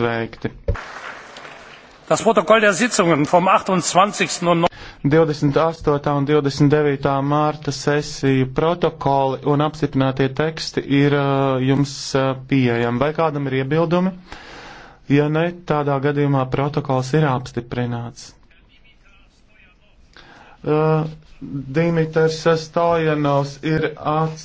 sveikti! Das Protokoll der Sitzungen vom 28. un 28. un 29. mārta sesiju protokoli un apstiprinātie teksti ir uh, jums uh, pieejami. Vai kādam ir iebildumi? Ja ne, tādā gadījumā protokols ir apstiprināts. Uh, Dimitrs Stojanovs ir atstājis.